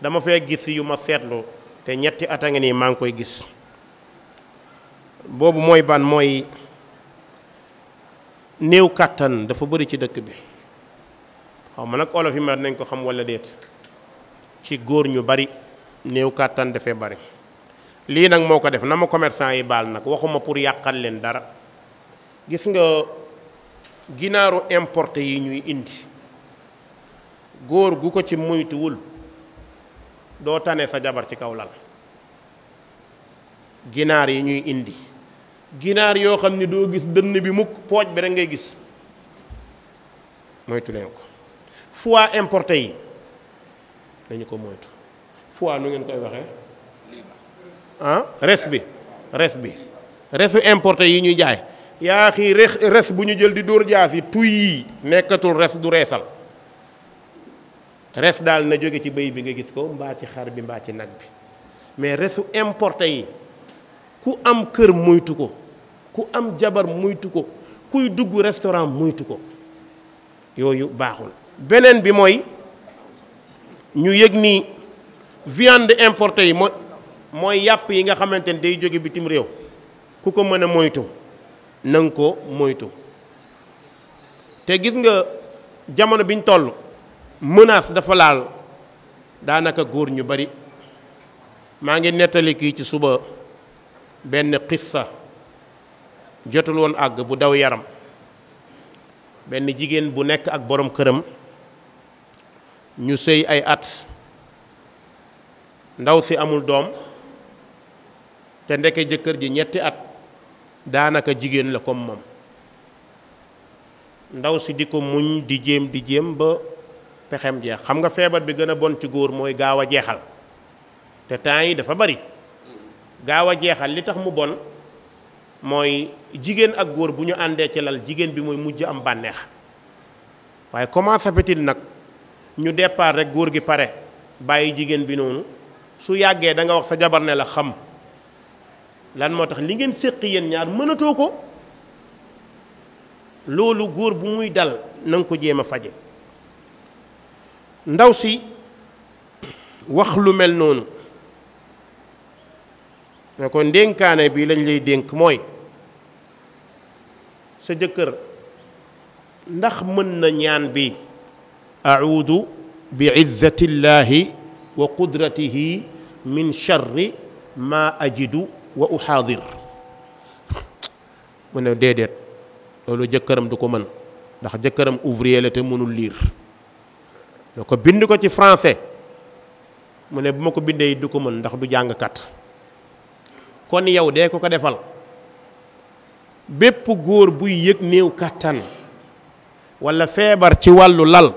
dama fee gis yu ma seetlu te ñetti at a ngi nii maa ngi koy gis boobu mooy ban mooy néew kàttan dafa bari ci dëkk bi xaw ma nag olof yi ma nañ ko xam walla déet ci góor ñu bari néew kàttan dafee bari lii nag moo ko def na ma commerçant yi baal nag waxuma pour yàqal leen dara gis nga ginaaru importe yi ñuy indi góor gu ko ci moytuwul doo tane sa jabar ci kaw lal ginaar yi ñuy indi ginaar yoo xam ni doo gis dënn bi mukk pooj bi rek ngay gis moytu leen ko foie importe yi dañu ko moytu foie nu ngeen koy waxee ah res bi res bi resu importe yi ñuy jaay yaa xii res res bu ñu jël di dóor jaas yi tuy yi nekkatul res du reesal res daal na jóge ci bëy bi nga gis ko mbaa ci xar bi mbaa ci nag bi mais resu importe yi ku am kër moytu ko ku am jabar moytu ko kuy dugg restaurant moytu ko yooyu baaxul beneen bi mooy ñu yëg nii viande importée yi mooy mooy yàpp yi nga xamante ni day jóge bitim réew ku ko mën a moytu nanga ko moytu te gis nga jamono biñ toll mënaas dafa laal daanaka góor ñu bari maa ngi nettali kii ci suba benn xissa jotul woon àgg bu daw yaram benn jigéen bu nekk ak boroom këram ñu séy ay at ndaw si amul doom te ndeke jëkkër ji ñetti at daanaka jigéen la ko moom ndaw si di ko muñ di jéem di jéem ba pexem jeex xam nga feebar bi gën a bon ci góor mooy gaaw a jeexal te temps yi dafa bari gaaw a jeexal li tax mu bon mooy jigéen ak góor bu ñu àndee ci lal jigéen bi mooy mujj am bànneex waaye comment ça nag ñu départ rek góor gi pare bàyyi jigéen bi noonu su yàggee da nga wax sa jabar ne la xam lan moo tax li ngeen séq yéen ñaar mënatoo ko loolu góor bu muy dal nanga ko jéem a faje ndaw si wax lu mel noonu ne ko ndénkaane bi lañ lay dénk mooy sa jëkkër ndax mën na ñaan bi audu bi izzati llahi wa qudratihi min charri ma ajidu wa uxaadir mu ne déedéet loolu jëkkëram du ko mën ndax jëkkëram ouvrier la te mënul liir ne ko bind ko ci français mu ne bu ma ko bindee du ko mën ndax du jàngkat kon yow dee ko ko defal bépp góor buy yëg néew kàttan walla feebar ci wàllu lal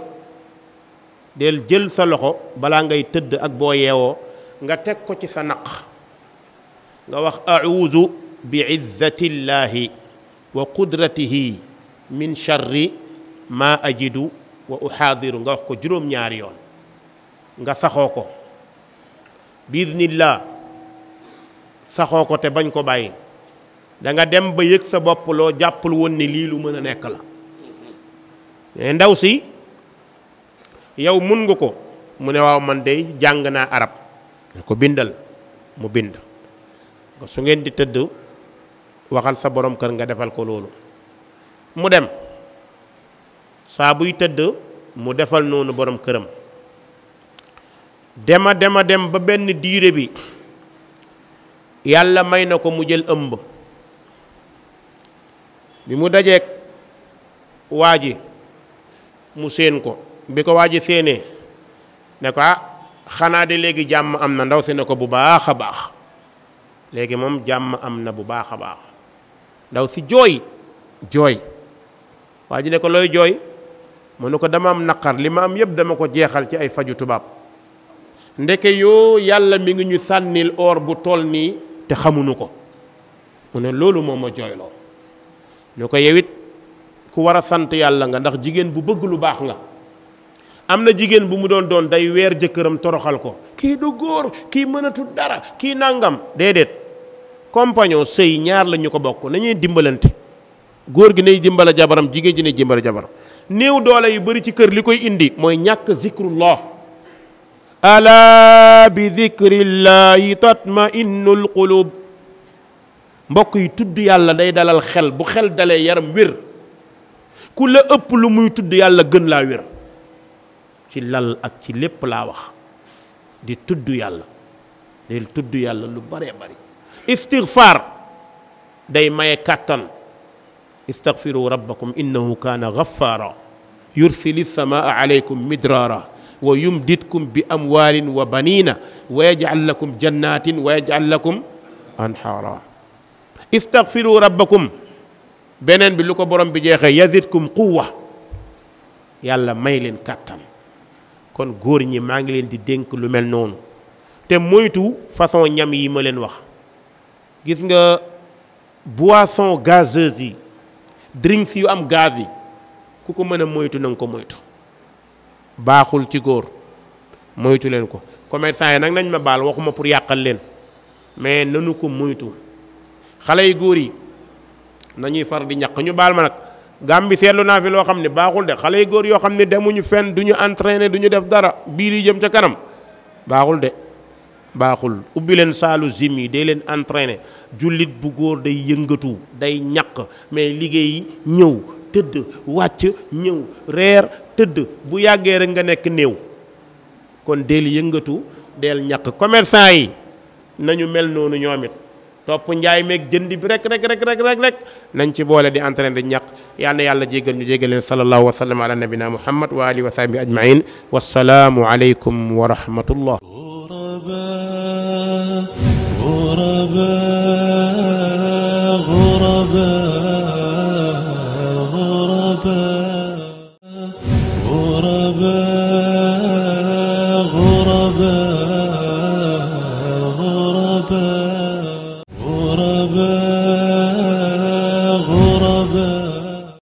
del jël sa loxo balaa ngay tëdd ak boo yeewoo nga teg ko ci sa naq nga wax auudu bi izzati wa qudratihi min charri ma ajidu wa uxaadiru nga wax ko juróom-ñaari yoon nga saxoo ko biidnillah saxoo ko te bañ ko bàyyi danga dem ba yëg sa bopp jàppul woon ni lii lu mën a nekk la mais ndaw si yow mun nga ko mu ne waaw man dey jàng naa arab ko bindal mu bind nga su ngeen di tëdd waxal sa borom kër nga defal ko loolu mu dem saa buy tëdd mu defal noonu borom këram dema dema dem ba benn diire bi yàlla may na ko mu jël ëmb bi mu dajeek waa ji mu séen ko bi ko waa ji séenee ne ko ah xanaa de léegi jàmm am na ndaw si ne ko bu baax a baax léegi moom jàmm am na bu baax a baax ndaw si jooy jooy waa ji ne ko looy jooy mu ne ko dama am naqar li ma am yëpp dama ko jeexal ci ay faju tubaab ndeke yoo yàlla mi ngi ñu sànnil or bu tool nii te xamuñu ko mu ne loolu moo ma jooyloo ñu ko yow ku war a sant yàlla nga ndax jigéen bu bëgg lu baax nga am na jigéen bu mu doon doon day weer jëkkëram toroxal ko kii du góor kii mënatul dara kii nàngam déedéet compagnon sëy ñaar la ñu ko bokk nañuy dimbalante góor gi nay dimbala jabaram jigéen ji nay dimbala jabaram néew doole yu bari ci kër li koy indi mooy ñàkk zikrullah ala bi zikrillahi tatma innul qulub mbokk yi tudd yàlla day dalal xel bu xel dalee yaram wér ku la ëpp lu muy tudd yàlla gën laa wér ci lal ak ci lépp laa wax di tudd yàlla del tudd yàlla lu bare bari istigfaar day maye kàttan istaghfiru rabbakum innahu kaana ghaffara yursili samaa alaykum midraara wa yumditkum bi amwaalin wa baniina wa yaj'al lakum jannaatin wa yaj'al lakum anhaara istaghfiru rabbakum beneen bi lu ko borom bi jeexee yazidkum quwwa yàlla may leen kàttan kon góor ñi maa ngi leen di dénk lu mel noonu te moytu façon ñam yi ma leen wax gis nga boisson gazeuse drinks yu am gaz yi ku ko mën a moytu na ko moytu baaxul ci góor moytu leen ko commerçant yi nag nañ ma baal waxuma pour yàqal leen mais nanu ko moytu xale yu góor yi nañuy far di ñaq ñu baal ma nag gàm bi seetlu naa fi loo xam ne baaxul de xale yu góor yoo xam ne demuñu fenn du ñu entraîné du ñu def dara biir yi jëm ca kanam baaxul de baaxul ubbi leen saalu gym yi day leen entraîner jullit bu góor day yëngatu day ñaq mais liggéey ñëw tëdd wàcc ñëw reer tëdd bu yàggee rek nga nekk néew kon del yëngatu del ñaq commerçant yi nañu mel noonu ñoom it topp njaay meeg jënd bi rek rek rek rek rek nañ ci boole di entraîner di ñaq yàlla yàlla jégal ñu jégal leen sallallahu wa sallam ala nabina muhammad wa alihi wa sahbi ajmain wassalaamu aleykum wa rahmatullah